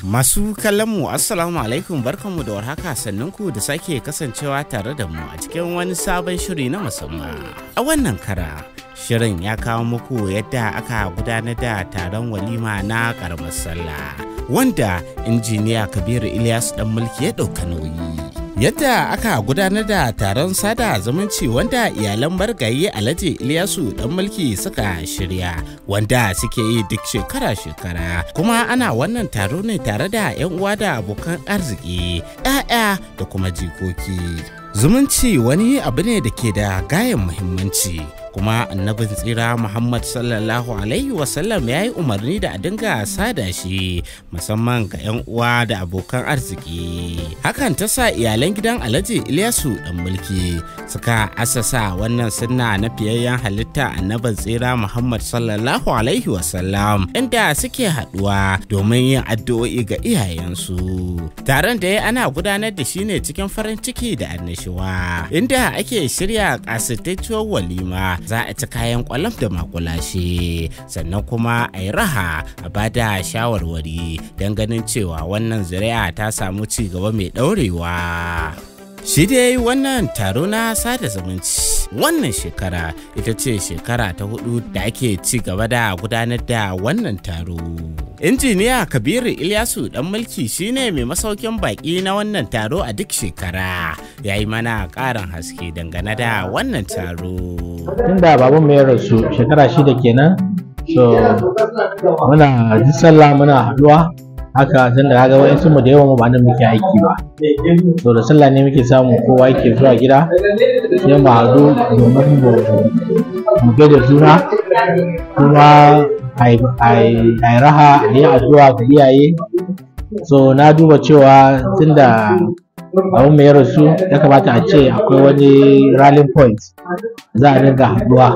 Masu mu Assalamu alaikum barkanmu da warhaka sanninku da sake kasancewa tare da mu a cikin wani sabon shiri na musamman. A wannan kara, shirin ya kawo muku yadda aka gudanar da taron walima na karamar sallah wanda injiniya Kabiru Ilyas dan mulki ya ɗauka nauyi. yadda aka gudanar da taron sada zumunci wanda iyalan bargaye alhaji ilyasu dan mulki suka shirya wanda suke yi duk shekara-shekara kuma ana wannan taro ne tare da 'yan uwa da abokan arziki 'ya'ya da kuma jikoki zumunci wani abu ne da ke da gayan muhimmanci kuma annabin tsira muhammad sallallahu alaihi wasallam ya yi umarni da a dinga sada shi musamman ga 'yan uwa da abokan arziki hakan ta sa iyalan gidan alhaji ilyasu dan mulki suka asasa wannan sunna na fiyayyen halitta annabin tsira muhammad sallallahu alaihi wasallam inda suke haduwa domin yin addu'o'i ga iyayensu taron da ya ana gudanar da shi ne cikin farin ciki da annashuwa inda ake shirya kasitacciyar walima za a ci kayan kwalam da makulashe sannan kuma a yi raha a ba da shawarwari don ganin cewa wannan zuri'a ta samu ci gaba mai ɗaurewa. Shi dai wannan taro na sada zumunci wannan shekara ita ce shekara ta hudu da ake ci gaba da gudanar da wannan taro. Injiniya Kabiru Ilyasu dan mulki shine mai masaukin baki na wannan taro a duk shekara. Ya yi mana ƙarin haske dangane da wannan taro. Inda babu mai rasu shekara shida kenan. So muna muna haduwa haka sun da kaga wani mu da yawan mu ba nan muke aiki ba to da sallah ne muke samu kowa yake zuwa gida sai mu haɗu domin mu da juna kuma a yi raha a yi addu'a ga iyaye so na duba cewa tun da abin mai rasu ya kamata a ce akwai wani rallying point za a dinga haɗuwa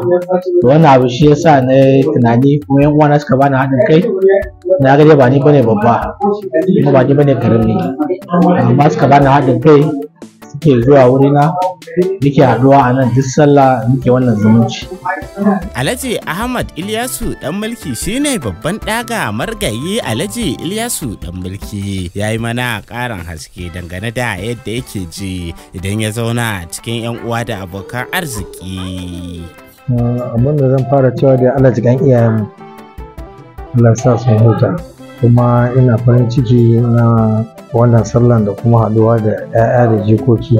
to wannan abu shi yasa na tunani kuma yan uwana suka bani haɗin kai na ga dai ba ni bane babba kuma ba ni bane karami amma suka bani haɗin kai suke zuwa wurina muke haɗuwa a nan duk sallah muke wannan zumunci. Alhaji Ahmad Ilyasu dan mulki shine babban ɗaga margayi Alhaji Ilyasu dan mulki ya mana ƙarin haske dangane da yadda yake ji idan ya zauna cikin 'yan uwa da abokan arziki. Amma da zan fara cewa da Allah jikan iyayenmu. Allah sa sun huta kuma ina farin ciki na wannan sallan da kuma haduwa da 'ya'ya da jikoki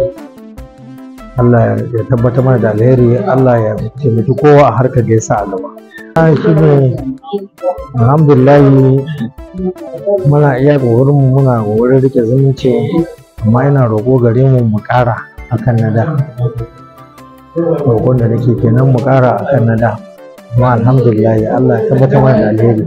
Allah ya tabbatar mana da alheri Allah ya taimaki kowa a harkar da ya sa a ah, shi ne alhamdulillahi muna iya ƙoƙarin mu muna ƙoƙarin rike zumunci amma ina roƙo gare mu mu ƙara akan nada da roƙon da nake kenan mu kara akan nada da kuma alhamdulillah Allah ya tabbatar da alheri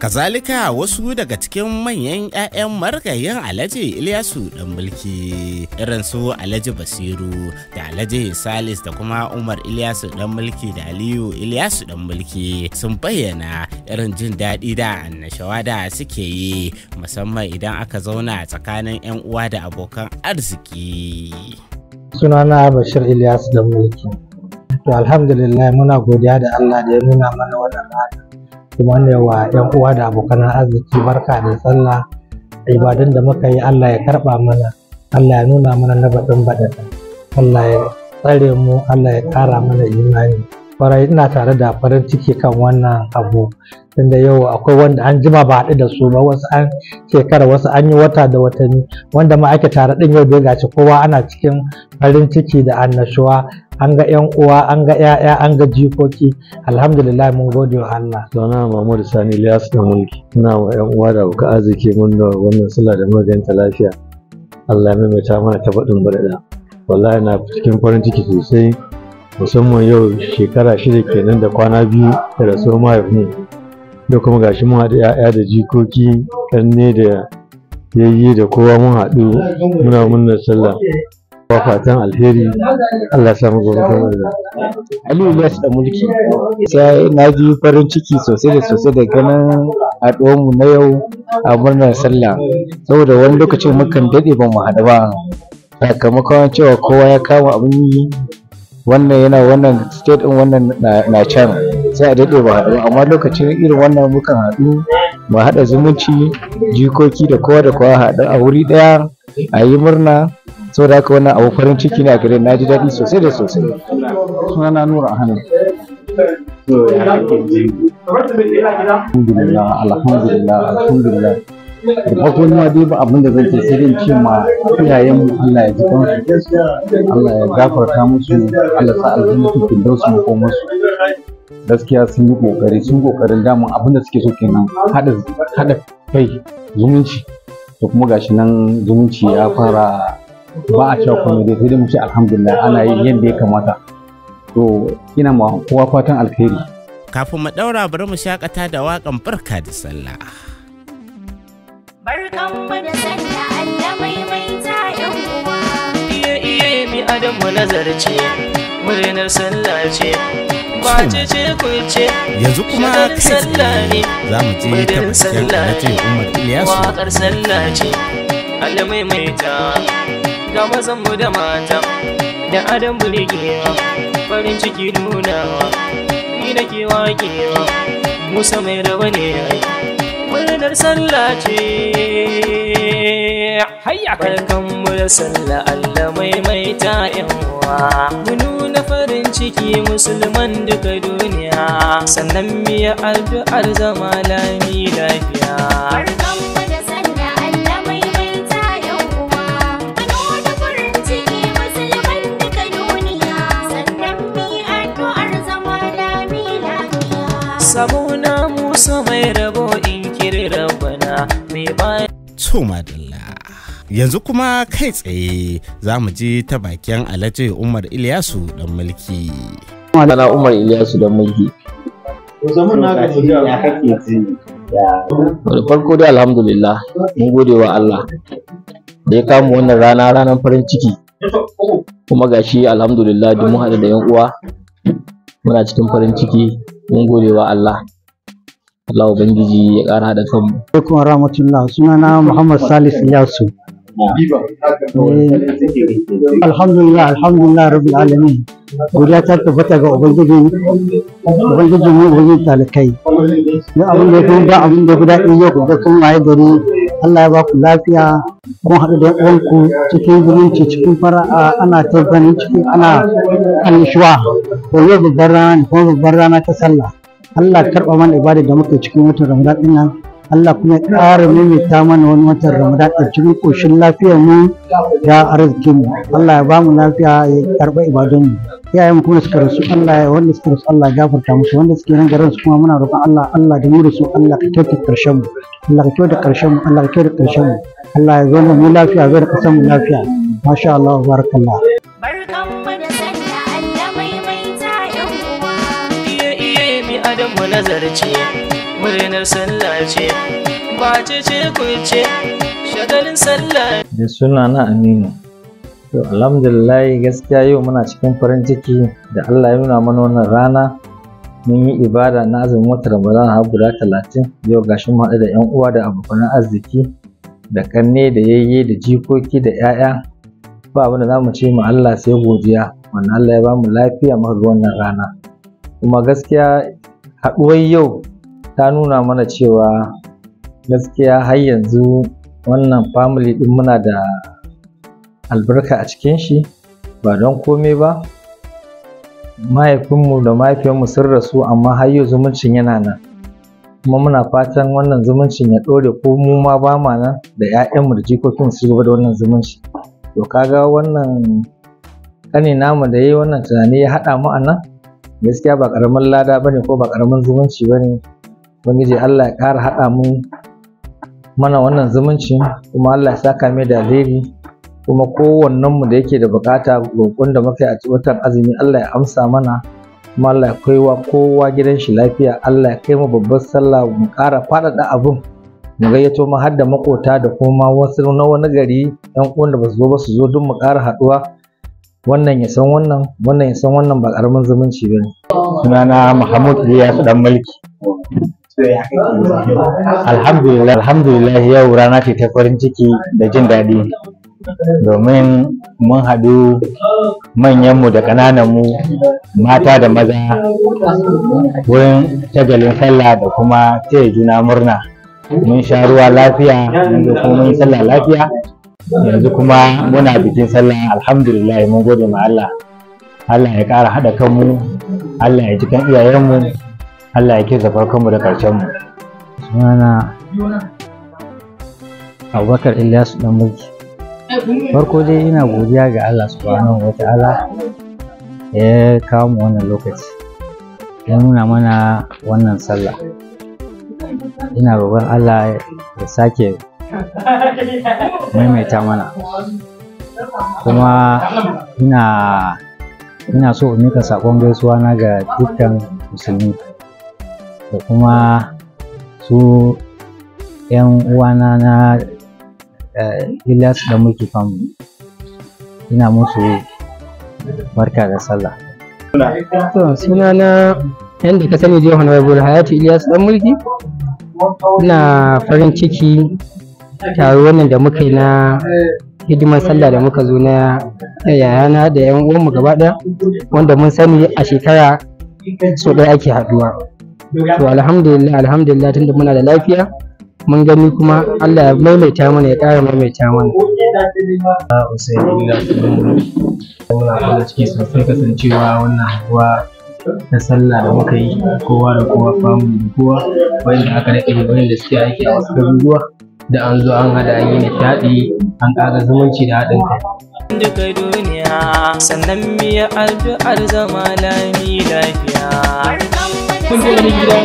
kazalika wasu daga cikin manyan 'ya'yan marigayin alhaji ilyasu dan mulki irin su alhaji basiru da alhaji salis da kuma umar ilyasu dan mulki da aliyu ilyasu dan mulki sun bayyana irin jin daɗi da annashawa da suke yi musamman idan aka zauna tsakanin 'yan uwa da abokan arziki sunana bashir ilyasu dan mulki to alhamdulillah muna godiya da Allah da ya nuna mana wannan rana kuma ne wa yan uwa da abokan arziki barka da tsalla ibadun da muka yi Allah ya karba mana Allah ya nuna mana na baɗin Allah ya tsare mu Allah ya ƙara mana imani kwarai ina tare da farin ciki kan wannan abu tunda yau akwai wanda an jima ba haɗu da su ba wasu an shekara wasu an yi wata da watanni wanda ma ake tare ɗin yau da gashi kowa ana cikin farin ciki da annashuwa an ga yan uwa an ga yaya an ga jikoki alhamdulillah mun gode wa Allah sunana Mahmud Sani Ilyas da mulki ina wa yan uwa da buka arziki mun da wannan sallah da ta lafiya Allah ya maimaita mana ta baɗin barada wallahi na cikin farin ciki sosai musamman yau shekara shida kenan da kwana biyu da rasuwar mahaifin da kuma gashi mun haɗu 'ya'ya da jikoki ƙanne da yayye da kowa mun haɗu muna murnar sallah fatan alheri Allah ya samu gobe kuma da Aliyu Ilyas da mulki sai na ji farin ciki sosai da sosai da ganin mu na yau a murnar sallah saboda wani lokacin mukan daɗe ba mu haɗu ba sakamakon cewa kowa ya kama abin yi wannan yana wannan state din wannan na can sai a daɗe ba haɗu amma lokacin irin wannan mukan haɗu mu haɗa zumunci jikoki da kowa da kowa haɗa a wuri ɗaya a yi murna sau da haka wani abu farin ciki ne a gare na ji daɗi sosai da sosai suna na nura hannu alhamdulillah alhamdulillah alhamdulillah da farko ma dai ba abin da zan ce sai dai ce ma iyayen Allah ya ji kansu Allah ya gafarta musu Allah sa aljanna ta fidda su mu musu gaskiya sun yi kokari sun kokarin damun abin da suke so kenan hada hada kai zumunci to kuma gashi nan zumunci ya fara ba a cewa kuma dai sai dai mu ce alhamdulillah ana yin yadda ya kamata to ina ma kowa fatan alheri. kafin mu daura bari mu shakata da wakan barka da sallah barkan mu da sallah Allah maimaita yan uwa iye iye mi adam nazarci murnar sallah ce kwace ce ce, yanzu kuma kai ne za mu je ta bakin alhaji umar iliyasu waƙar sallah ce allah maimaita ga mazan mu da mata da adam burgewa farin ciki nunawa ni kewa-kewa, musa mai rawa ne ai maganar sallah ce hayya kan mu da sallah Allah mai mai ta yawa mu nuna farin ciki musulman duka duniya sannan miya addu'ar zama lami lafiya Tumadala. Yanzu kuma kai tsaye za mu ji ta bakin Alhaji Umar Ilyasu dan mulki. Mala Umar Ilyasu dan mulki. Da farko dai alhamdulillah mun gode wa Allah da ya kama wannan rana ranar farin ciki kuma gashi alhamdulillah duk mun haɗu da yan uwa muna cikin farin ciki mun gode wa Allah Allah ubangiji ya ƙara haɗa kanmu alaikum rahmatullah sunana Muhammad Salis Yasu eh, alhamdulillah alhamdulillah rabbi alamin godiya ta tabbata ga ubangiji ubangiji mu ubangiji talakai Ni abin da ya kuma abin da guda ɗin yau da kun waye gari Allah ya ba ku lafiya kun haɗu da ɗanku cikin zumunci cikin fara'a ana ta ganin cikin ana annishuwa to yau babbar rana kuma babbar rana ta sallah Allah karɓa mana ibada da muke cikin watan Ramadan ɗin nan Allah kuma ya ƙara maimaita mana wani watan Ramadan a cikin ƙoshin lafiyar mu da arzikin mu Allah ya bamu lafiya ya karɓa ibadun mu iyayen mu kuma suka rasu Allah ya wanda suka rasu Allah ya gafarta musu wanda suke nan garin su kuma muna roƙon Allah Allah da mu da su Allah ka kyauta ƙarshen mu Allah ka kyauta ƙarshen mu Allah ka kyauta ƙarshen mu Allah ya zo mu lafiya zo da ƙasar mu lafiya masha Allah barakallah mu nazarci murnar sallah ce ce ce shagalin sallah da suna na aminu to alhamdulillah gaskiya yau muna cikin farin ciki da Allah ya nuna mana wannan rana mun yi ibada na azumin wata ramadan har guda talatin yau gashi mu da yan uwa da abokan arziki da kanne da yayye da jikoki da 'ya'ya ba abin da za mu ce ma Allah sai godiya wannan Allah ya ba lafiya mu ga wannan rana kuma gaskiya haɗuwar yau ta nuna mana cewa gaskiya har yanzu wannan family din muna da albarka a cikin shi ba don komai ba mahaifinmu da mahaifiyarmu sun rasu amma har yau zumuncin yana nan kuma muna fatan wannan zumuncin ya ɗore ko mu ma ba ma nan da 'ya'yanmu da jikokin su gaba da wannan zumunci to kaga wannan ƙani namu da ya yi wannan tunani ya haɗa mu a nan gaskiya ba karamin lada ba ne ko ba karamin zumunci ba Wani ubangiji Allah ya ƙara haɗa mu mana wannan zumunci kuma Allah ya saka mai da alheri kuma kowannen mu da yake da bukata roƙon da muka yi a watan azumi Allah ya amsa mana kuma Allah ya wa kowa gidan shi lafiya Allah ya kai mu babbar sallah mu ƙara faɗaɗa abun. mu gayyato mu har da makota da kuma wasu na wani gari ƴan uwan da ba su zo ba su zo don mu ƙara haɗuwa wannan ya san wannan wannan ya san wannan ba karamin zumunci ba ne sunana Muhammad Ilyas dan mulki alhamdulillah alhamdulillah yau rana ce ta farin ciki da jin daɗi domin mun haɗu manyanmu da ƙanananmu mata da maza wurin tagalin sallah da kuma taya juna murna mun sha ruwa lafiya mun kuma mun sallah lafiya yanzu kuma muna bikin sallah alhamdulillah mun gode ma Allah Allah ya ƙara haɗa kanmu Allah ya ji kan iyayenmu Allah ya kisa farkonmu da ƙarshenmu sunana Abubakar Ilyasu dan mulki farko dai ina godiya ga Allah subhanahu wa ta'ala ya kawo mu wannan lokaci ya nuna mana wannan sallah ina roƙon Allah ya sake maimaita mana kuma ina ina so in mika sakon gaisuwa na ga dukkan musulmi da kuma su yan uwana na eh, ilas da mulki famu ina musu barka da sallah to suna na yadda ka sani Johan Waibul Hayatu Ilyas dan mulki ina farin ciki taro wannan da muka yi na hidimar sallah da muka zo na yayana da yan uwanmu gaba ɗaya wanda mun sani a shekara so ɗaya ake haduwa to alhamdulillah alhamdulillah tunda muna da lafiya mun gani kuma Allah ya maimaita mana ya ƙara maimaita mana muna kula ciki sosai kasancewa wannan haduwa na sallah da muka yi kowa da kowa famu da kowa wanda aka daɗe da wanda suke aiki a wasu garuruwa da an zo an hada yi nishaɗi an ƙara zumunci da haɗin kai. Duka duniya sannan miya addu'ar zama lami lafiya. Kun je wani gida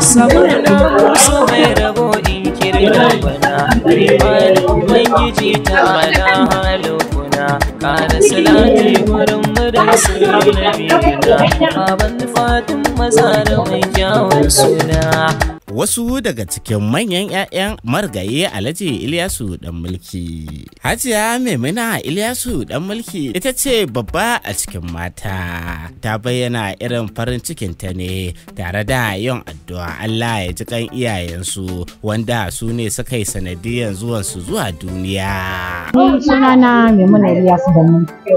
Sabon da kusa mai rabo kirga bana, ta na ƙara salati wurin murin suna na biyu na baban fatin da mai kyawun suna wasu daga cikin manyan 'ya'yan marigayi Alhaji Ilyasu dan mulki. Hajiya Maimuna Ilyasu dan mulki ita ce babba a cikin mata. Ta bayyana irin farin cikin ta ne tare da yin addu'a Allah ya ji kan iyayensu wanda su ne suka yi sanadiyan zuwan zuwa duniya. Sunana Maimuna Ilyasu dan mulki.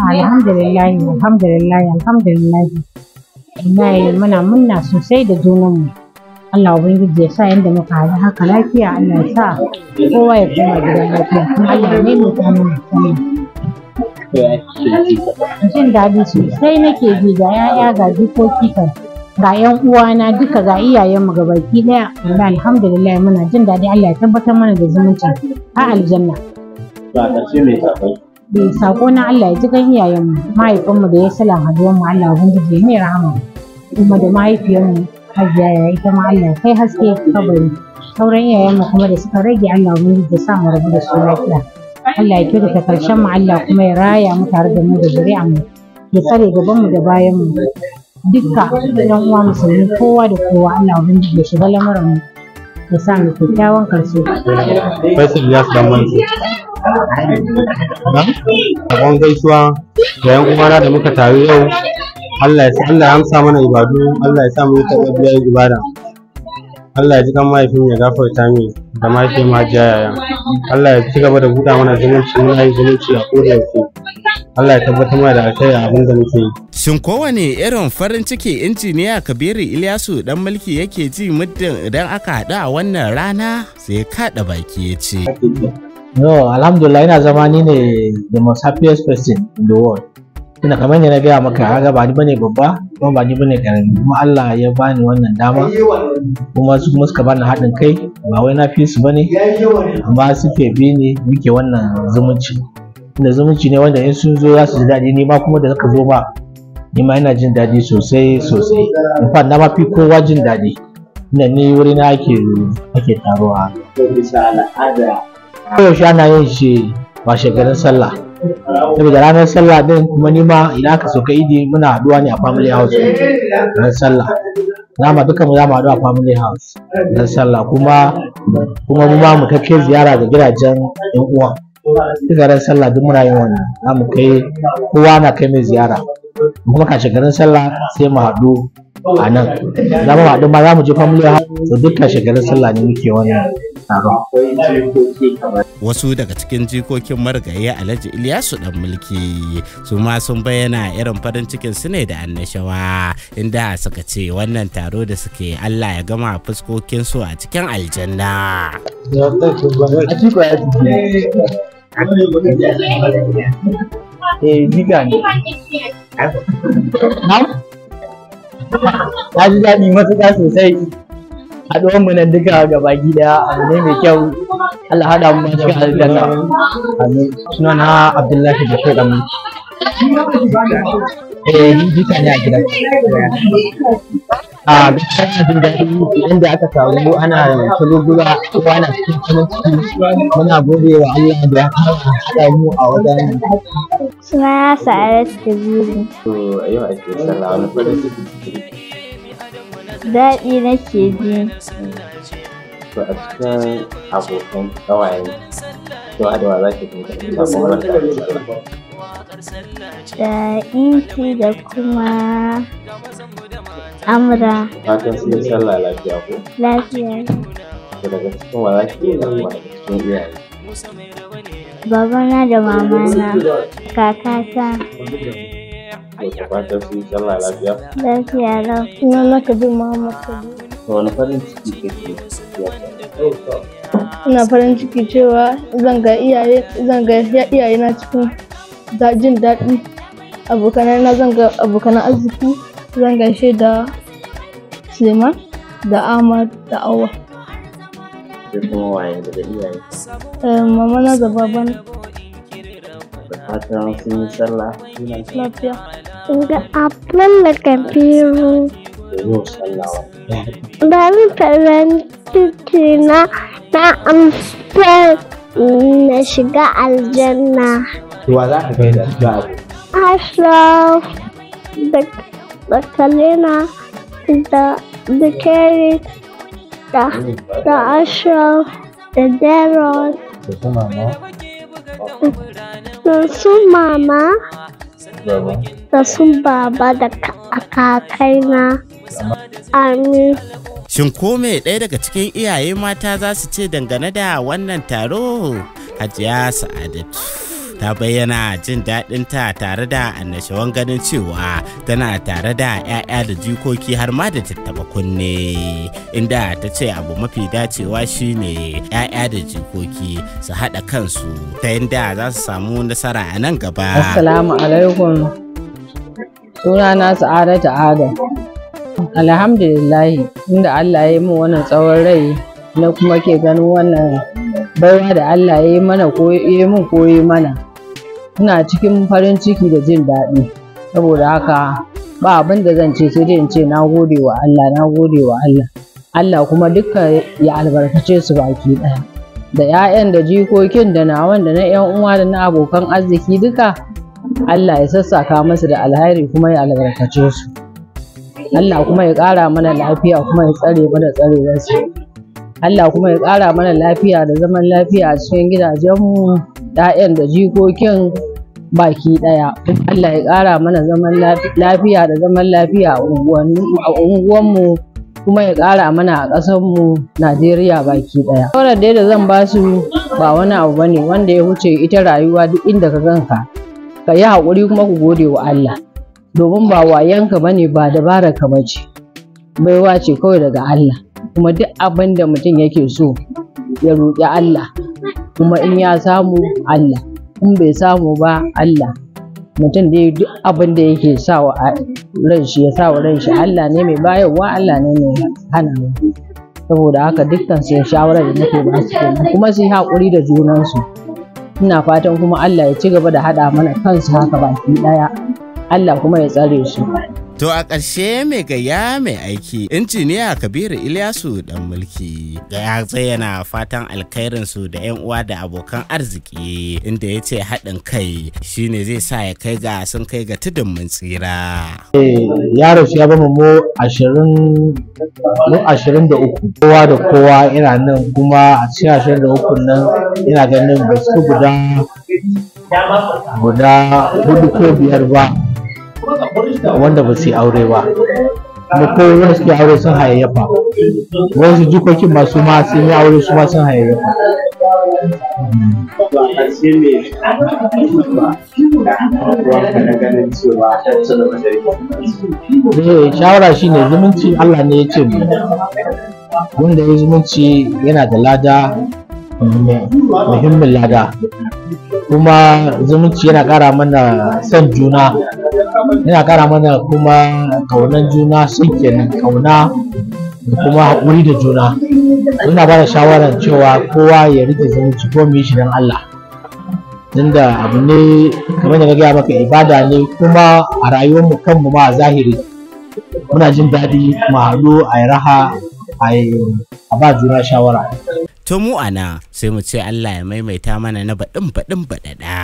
Alhamdulillah, alhamdulillah, muna munna sosai da junanmu. Allah ubangiji ya sa yadda muka haɗu haka lafiya Allah ya sa kowa ya koma gida lafiya kuma Allah ne mai samun musamman jin daɗi sosai nake ji ga 'ya'ya ga jikoki kan ga 'yan uwana duka ga iyayenmu ga baki ɗaya Allah alhamdulillah muna jin daɗi Allah ya tabbatar mana da zumunci a aljanna bai sako na Allah ya ji kan iyayenmu mahaifinmu da ya sala mu Allah ubangiji ya mai rahama kuma da mu. hajiya ya yi ta Allah kai haske kabari sauran yayan mu kuma da suka rage Allah mun da sa rabu da su lafiya Allah ya kyautata karshen mu Allah kuma ya raya mu tare da mu da zuri'a mu ya tsare gabanmu da bayan mu dukka ɗan uwa musulmi kowa da kowa Allah ubangiji ya shiga lamarin ya sa kyakkyawan karshe Faisal Ilyas gaisuwa da yan uwana da muka taru yau Allah ya Allah amsa mana ibadu Allah ya sa mu taɓa biyan ibada Allah ya ji kan mahaifin ya gafarta mi da mahaifin jayaya Allah ya ci gaba da buɗa mana zumunci muna yi zumunci a koda yaushe Allah ya tabbatar mana da alkai a abin da muke yi shin kowane irin farin ciki injiniya Kabiru Ilyasu dan mulki yake ji muddin idan aka haɗu a wannan rana sai kaɗa baki ya ce no alhamdulillah ina zama ni ne the most happiest person in the world ina kamar yana na gaya maka haga ba ni bane babba kuma ba ni bane karami kuma Allah ya bani wannan dama kuma su kuma suka bani haɗin kai ba wai na fi su bane amma ke bi ne muke wannan zumunci inda zumunci ne wanda in sun zo za su ji daɗi ni ma kuma da suka zo ba ni ma ina jin daɗi sosai sosai in fa na ma fi kowa jin daɗi ina ni wuri na ake ake taruwa koyaushe ana yin shi ba shekarun sallah saboda ranar sallah din kuma nima idan aka sauka idi muna haduwa ne a family house ran sallah zama duka mu mu haduwa a family house ran sallah kuma kuma mu ma mu kake ziyara ga gidajen yan uwa duka ran sallah duk muna yin wannan za mu kai kowa na kai mai ziyara kuma kashe garin sallah sai mu haɗu a nan za mu haɗu ma za mu je family house to duk kashe garin sallah ne muke wannan Wasu daga cikin jikokin marigayi Alhaji Ilyasu dan mulki su ma sun bayyana irin farin cikin su ne da annashawa inda suka ce wannan taro da suke Allah ya gama fuskokin su a cikin aljanna. ji daɗi matuƙa sosai. haɗuwar mu nan duka gaba gida abu ne mai kyau Allah haɗa mu cikin aljanna amin suna na Abdullahi Bashir Amin eh ni duka ne a gida a ah, gaskiya ina jin daɗi inda aka samu ana kalugula kowa ana cikin farin ciki muna gode wa Allah da ya kawo haɗa mu a wajen suna Sa'adat Kabiru to a yau ake sallah wani farin ciki daɗi ke ji to a cikin abokan ƙawaye to a da za ki kuma ta kuma da inci da kuma amra fatan sun yi sallah lafiya ko lafiya to daga cikin wa za ki yi damuwa cikin iyaye babana da mamana kakata fatan su sallah lafiya lafiya lau suna maka bin muhammad kabi to wani farin ciki kake ina farin ciki cewa zan ga iyaye zan ga iyaye na cikin jin daɗi abokanai na zan ga arziki zan gaishe da suleiman da ahmad da awa sai kuma waye daga iyaye eh, mama na da baban da fatan sun yi sallah lafiya da abin da kafiru bari faranti na na amsar na shiga aljanna wa za ka gaida ashraf da kalina da da kerry da da ashraf da daron da su mama da su baba da kakaina amin Shin ko ɗaya daga cikin iyaye mata za su ce dangane da wannan taro? Hajiya Sa'adatu. Ta bayyana jin daɗinta tare da annashawan ganin cewa tana tare da 'ya'ya da jikoki har ma da tattaba kunne inda ta ce abu mafi dacewa shine 'ya'ya da jikoki su haɗa kansu ta yadda za su samu nasara a nan gaba. Assalamu alaikum. sunana sa'adatu adam alhamdulillahi inda allah ya yi min wannan tsawon rai na kuma ke ganin wannan baiwa da allah ya yi mana koyi min koyi mana ina cikin farin ciki da jin daɗi saboda haka ba abin da zan ce sai dai in ce na gode wa allah na gode wa allah allah kuma dukka ya albarkace su baki ɗaya da 'ya'yan da jikokin da nawan da na 'yan uwa da na abokan arziki duka Allah ya sassaka masu da alhairi kuma ya albarkace su Allah kuma ya ƙara mana lafiya kuma ya tsare mana tsarewarsu Allah kuma ya ƙara mana lafiya da zaman lafiya a cikin gidajenmu ɗayan da jikokin baki ɗaya Allah ya ƙara mana zaman lafiya da zaman lafiya a unguwanmu kuma ya ƙara mana a ƙasarmu Najeriya baki ɗaya. Shawarar dai da zan basu ba wani abu bane wanda ya wuce ita rayuwa duk inda ka ganka. ka yi haƙuri kuma ku gode wa Allah domin ba wayanka bane ba dabara ka mace, baiwa ce kawai daga Allah kuma duk abin da mutum yake so ya roƙi Allah kuma in ya samu Allah in bai samu ba Allah mutum da duk abin da yake sawa ran shi ya sawa ran shi Allah ne mai bayarwa Allah ne mai hana saboda haka dukkan su shawarar da nake ba su kuma su yi haƙuri da junansu ina fatan kuma Allah ya ci gaba da haɗa mana kansu haka baki ɗaya Allah kuma ya tsare su To a ƙarshe mai gaya mai aiki injiniya Kabiru Ilyasu dan mulki da ya zayyana fatan alkhairin da 'yan uwa da abokan arziki inda ya ce haɗin kai shine zai sa ya kai ga sun kai ga tudun mun tsira. Yaro eh, ya bama mu ashirin da uku kowa da kowa ina nan kuma a cikin ashirin da uku nan ina ganin basu su guda guda hudu ko biyar ba. wanda ba su yi aure ba kuma ko wanda suke aure sun hayayyafa wasu jikokin masu ma sun yi aure su ma sun hayayyafa ba eh, shawara shi ne zumunci Allah ne ya ce mu wanda ya zumunci yana da lada muhimmin lada kuma zumunci yana ƙara mana son juna yana kara mana kuma kaunan juna sun kauna da kuma haƙuri da juna muna ba da shawarar cewa kowa ya rike zumunci ko mu yi shi don Allah da abu ne kamar da na gaya maka ibada ne kuma a rayuwar rayuwarmu kanmu ma a zahiri muna jin daɗi mu haɗu a yi raha a ba juna shawara to mu ana sai mu ce Allah ya maimaita mana na baɗin baɗin baɗaɗa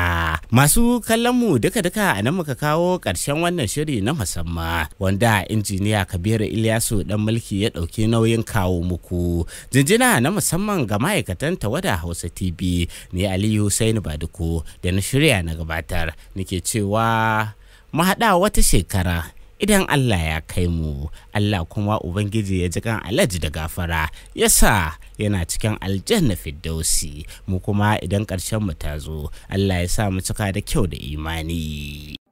masu kallon mu duka duka a nan muka kawo ƙarshen wannan shiri na musamman wanda injiniya Kabiru Ilyasu dan mulki ya ɗauki nauyin kawo muku jinjina na musamman ga ma'aikatan tawada Hausa TV ne Aliyu Husaini Baduko da na shirya na gabatar nake cewa mu haɗa wata shekara idan Allah ya kai mu Allah kuma Ubangiji ya ji kan alaji da gafara yasa yana cikin aljanna Fiddausi mu kuma idan ƙarshen mu ta zo Allah ya sa mu cika da kyau da imani